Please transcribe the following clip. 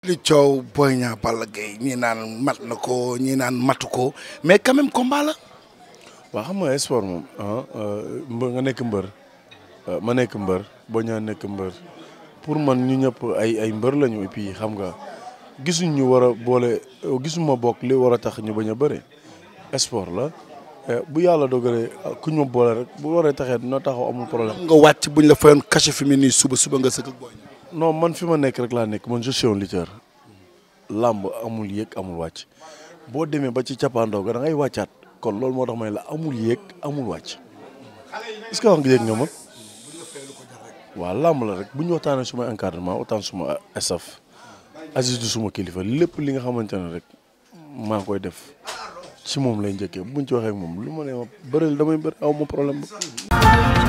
li coow Boy Niang Balla Gaye ñi naan mat na ko ñi naan matu ko mais quand même combat la. waaw xam nga sport moom ah, euh, mbër nga nekk mbër euh, ma nekk mbër Boy Niang nekk mbër pour man ñu ñëpp ay ay mbër lañu et xam nga gisuñ ñu war a boole gisuma bokk li war a tax ñu bañ a bëre sport la euh, bu yàlla dogalee ah, ku ñu boole rek bu waree taxee dina taxaw amul problème. nga wàcc buñ la fayoon cachet fi mu nii suba suba nga sëkk Boy non man fi ma nekk rek laa nekk man je suis un làmb amul yéeg amul wàcc boo demee ba ci cappaandaw ga da wàccaat kon loolu moo tax may la amul yéeg amul wàcc est-ce que wax nga yéeg nga ma waaw làmb la rek bu ñu waxtaanee suma encadrement waxtaan suma staff Aziz du suma kilifa lépp li nga xamante ne rek maa koy def ci moom lay njëkkee muñ ci waxee moom lu ma ne ma bëril damay bëri aw ma problème ba